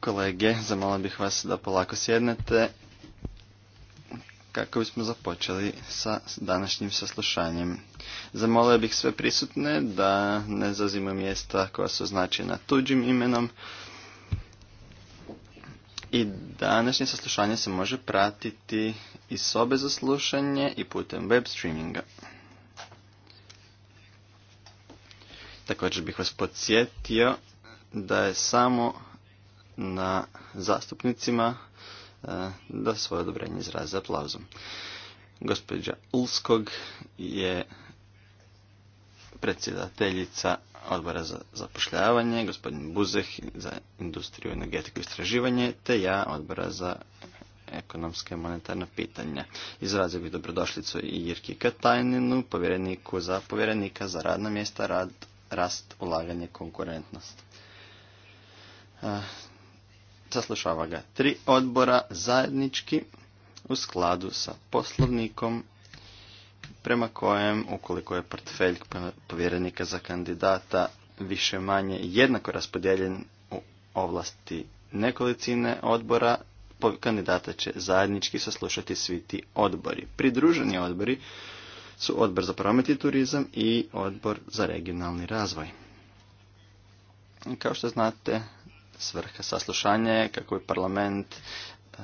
Kolege, zamolio bih vas da polako sjednete kako bismo započeli sa današnjim saslušanjem. Zamolio bih sve prisutne da ne zazimo mjesta koja su označena tuđim imenom i današnje saslušanje se može pratiti iz sobe za slušanje i putem web streaminga. Također bih vas podsjetio da je samo na zastupnicima e, da svoje odobrenje izraze aplauzom. Gospođa Ulskog je predsjedateljica odbora za zapošljavanje, gospodin Buzeh za industriju, energetiku i istraživanje, te ja odbora za ekonomske i monetarne pitanja. Izrazio bih dobrodošlicu i Jirki Katajninu, povjereniku za povjerenika za radna mjesta, rad, rast, ulaganje, konkurentnost. Saslušava ga tri odbora zajednički u skladu sa poslovnikom prema kojem, ukoliko je portfelj povjerenika za kandidata više manje jednako raspodijeljen u ovlasti nekolicine odbora, kandidata će zajednički saslušati svi ti odbori. Pridruženi odbori su odbor za promet i turizam i odbor za regionalni razvoj. Kao što znate, svrha saslušanja je kako je parlament e,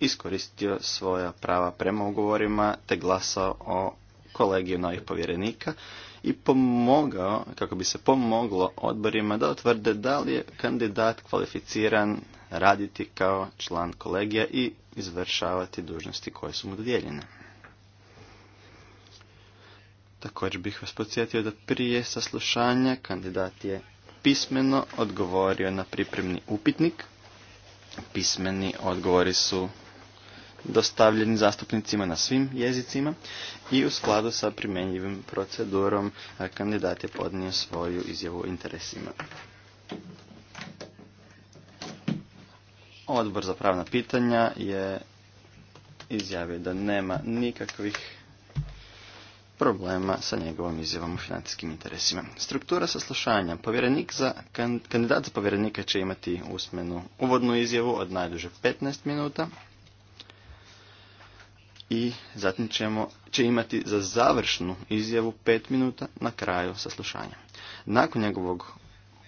iskoristio svoja prava prema ugovorima te glasao o kolegiju novih povjerenika i pomogao, kako bi se pomoglo odborima da otvrde da li je kandidat kvalificiran raditi kao član kolegija i izvršavati dužnosti koje su mu dodijeljene. Također bih vas podsjetio da prije saslušanja kandidat je pismeno odgovorio na pripremni upitnik. Pismeni odgovori su dostavljeni zastupnicima na svim jezicima i u skladu sa primjenjivim procedurom kandidat je podnio svoju izjavu o interesima. Odbor za pravna pitanja je izjavio da nema nikakvih problema sa njegovom izjavom u financijskim interesima. Struktura saslušanja. Povjerenik za, kandidat za povjerenika će imati usmenu uvodnu izjavu od najduže 15 minuta i zatim ćemo, će imati za završnu izjavu 5 minuta na kraju saslušanja. Nakon njegovog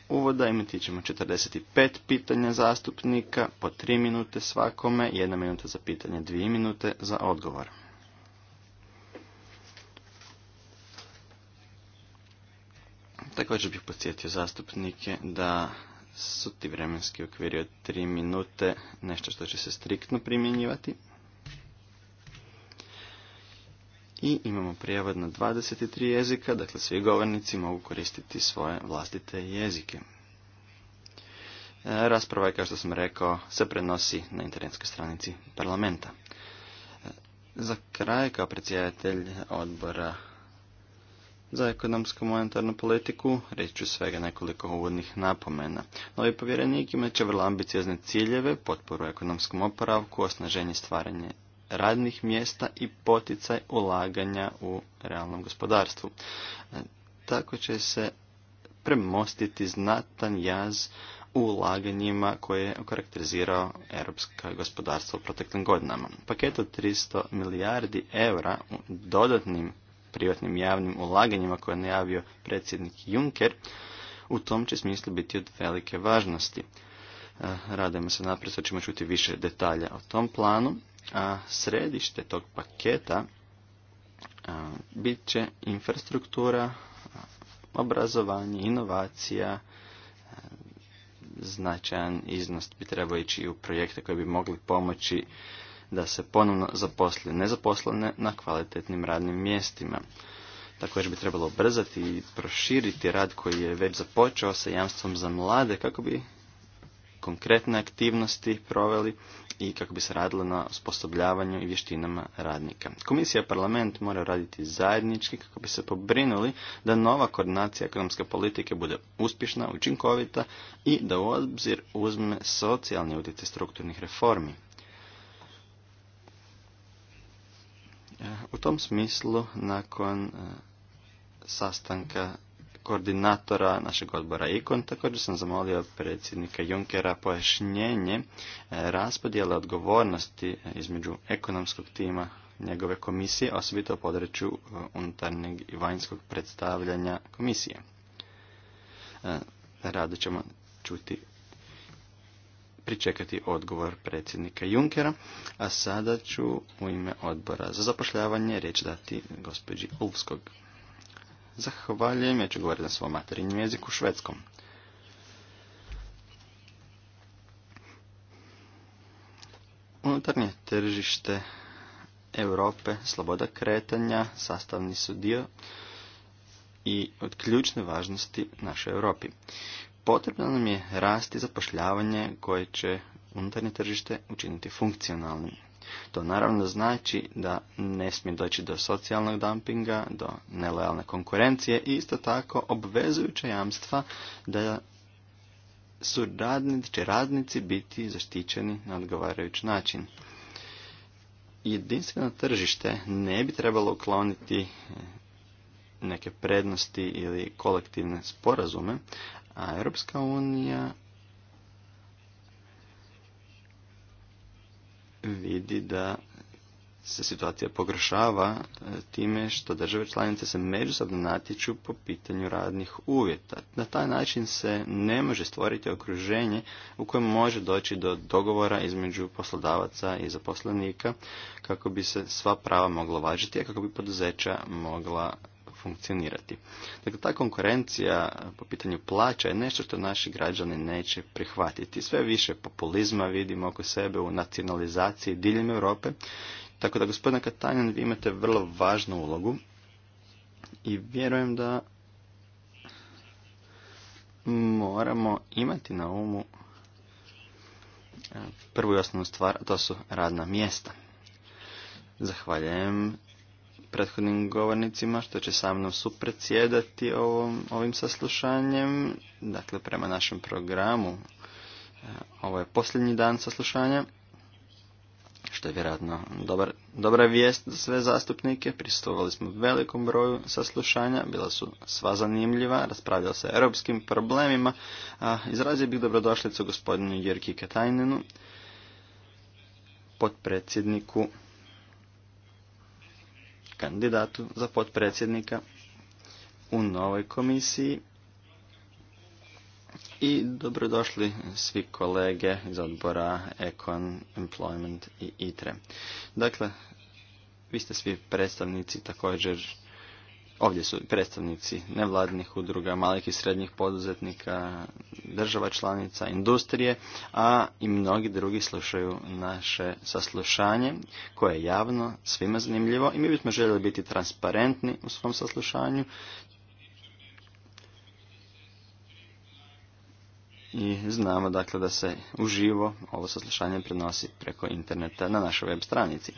uvoda imati ćemo 45 pitanja zastupnika, po 3 minute svakome, 1 minuta za pitanje, 2 minute za odgovor. Također bih podsjetio zastupnike da su ti vremenski okviri od 3 minute nešto što će se striktno primjenjivati. I imamo prijevod na 23 jezika, dakle svi govornici mogu koristiti svoje vlastite jezike. E, rasprava je, kao što sam rekao, se prenosi na internetskoj stranici parlamenta. E, za kraj, kao predsjedatelj odbora za ekonomsku monetarnu politiku, reći ću svega nekoliko uvodnih napomena. Novi povjerenik imat će vrlo ambiciozne ciljeve, potporu ekonomskom oporavku, osnaženje stvaranje radnih mjesta i poticaj ulaganja u realnom gospodarstvu. E, tako će se premostiti znatan jaz u ulaganjima koje je karakterizirao europska gospodarstvo u proteklim godinama. Paket od 300 milijardi eura u dodatnim privatnim javnim ulaganjima koje je najavio predsjednik Juncker, u tom će smislu biti od velike važnosti. E, Radimo se naprijed, sad ćemo čuti više detalja o tom planu, a središte tog paketa e, bit će infrastruktura, e, obrazovanje, inovacija, značajan iznos bi trebao ići u projekte koji bi mogli pomoći da se ponovno zaposli nezaposlene na kvalitetnim radnim mjestima. Također bi trebalo ubrzati i proširiti rad koji je već započeo sa jamstvom za mlade kako bi konkretne aktivnosti proveli i kako bi se radilo na osposobljavanju i vještinama radnika. Komisija i parlament mora raditi zajednički kako bi se pobrinuli da nova koordinacija ekonomske politike bude uspješna, učinkovita i da u obzir uzme socijalni utjecaj strukturnih reformi. U tom smislu, nakon e, sastanka koordinatora našeg odbora IKON, također sam zamolio predsjednika Junkera pojašnjenje e, raspodjela odgovornosti e, između ekonomskog tima njegove komisije, osobito u području unutarnjeg i vanjskog predstavljanja komisije. Rado ćemo čuti pričekati odgovor predsjednika Junkera, a sada ću u ime odbora za zapošljavanje riječ dati gospođi Ulfskog. Zahvaljujem, ja ću govoriti na svom materinjem jeziku švedskom. Unutarnje tržište Europe, sloboda kretanja, sastavni su dio i od ključne važnosti našoj Europi. Potrebno nam je rasti zapošljavanje koje će unutarnje tržište učiniti funkcionalnim. To naravno znači da ne smije doći do socijalnog dumpinga, do nelojalne konkurencije i isto tako obvezujuća jamstva da su radnici, će radnici biti zaštićeni na odgovarajući način. Jedinstveno tržište ne bi trebalo ukloniti neke prednosti ili kolektivne sporazume, a Europska unija vidi da se situacija pogoršava e, time što države članice se međusobno natječu po pitanju radnih uvjeta. Na taj način se ne može stvoriti okruženje u kojem može doći do dogovora između poslodavaca i zaposlenika kako bi se sva prava mogla važiti, a kako bi poduzeća mogla funkcionirati. Dakle, ta konkurencija po pitanju plaća je nešto što naši građani neće prihvatiti. Sve više populizma vidimo oko sebe u nacionalizaciji diljem Europe. Tako da, gospodine Katanjan, vi imate vrlo važnu ulogu i vjerujem da moramo imati na umu e, prvu i osnovnu stvar, a to su radna mjesta. Zahvaljujem prethodnim govornicima što će sa mnom supredsjedati ovom, ovim saslušanjem. Dakle, prema našem programu e, ovo je posljednji dan saslušanja što je vjerojatno dobar, dobra vijest za sve zastupnike. Pristovali smo velikom broju saslušanja, bila su sva zanimljiva, raspravljala se o europskim problemima. A, izrazio bih dobrodošlicu gospodinu Jerki Katajnenu, potpredsjedniku kandidatu za potpredsjednika u novoj komisiji i dobrodošli svi kolege iz odbora Econ, Employment i ITRE. Dakle, vi ste svi predstavnici također, ovdje su predstavnici nevladnih udruga, malih i srednjih poduzetnika, država članica, industrije, a i mnogi drugi slušaju naše saslušanje koje je javno, svima zanimljivo i mi bismo željeli biti transparentni u svom saslušanju i znamo dakle da se uživo ovo saslušanje prenosi preko interneta na našoj web stranici.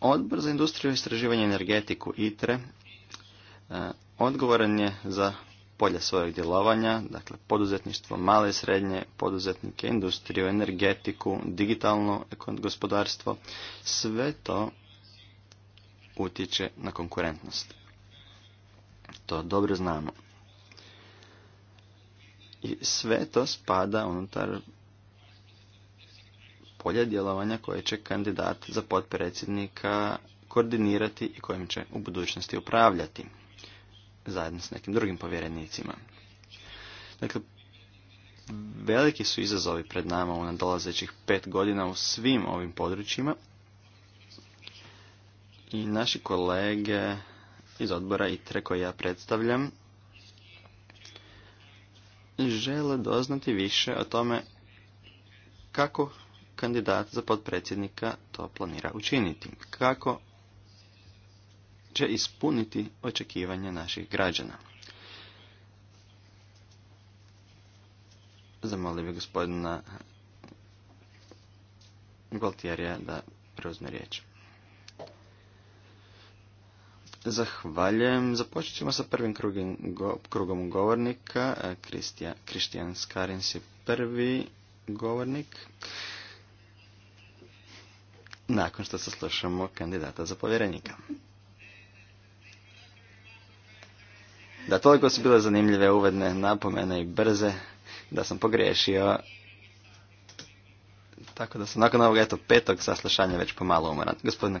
Odbor za industriju i istraživanje energetiku ITRE e, odgovoran je za polja svojeg djelovanja, dakle poduzetništvo, male i srednje poduzetnike, industriju, energetiku, digitalno gospodarstvo, sve to utječe na konkurentnost. To dobro znamo. I sve to spada unutar polja djelovanja koje će kandidat za potpredsjednika koordinirati i kojim će u budućnosti upravljati zajedno s nekim drugim povjerenicima. Dakle, veliki su izazovi pred nama u nadolazećih pet godina u svim ovim područjima i naši kolege iz odbora ITRE koje ja predstavljam žele doznati više o tome kako kandidat za potpredsjednika to planira učiniti, kako će ispuniti očekivanja naših građana. Zamolio bi gospodina Gualtierija da preuzme riječ. Zahvaljujem. Započet ćemo sa prvim krugom govornika. Kristijan Skarins je prvi govornik. Nakon što saslušamo kandidata za povjerenika. da toliko su bile zanimljive uvedne napomene i brze da sam pogriješio. Tako da sam nakon ovoga, eto, petog saslušanja već pomalo umoran. Gospodine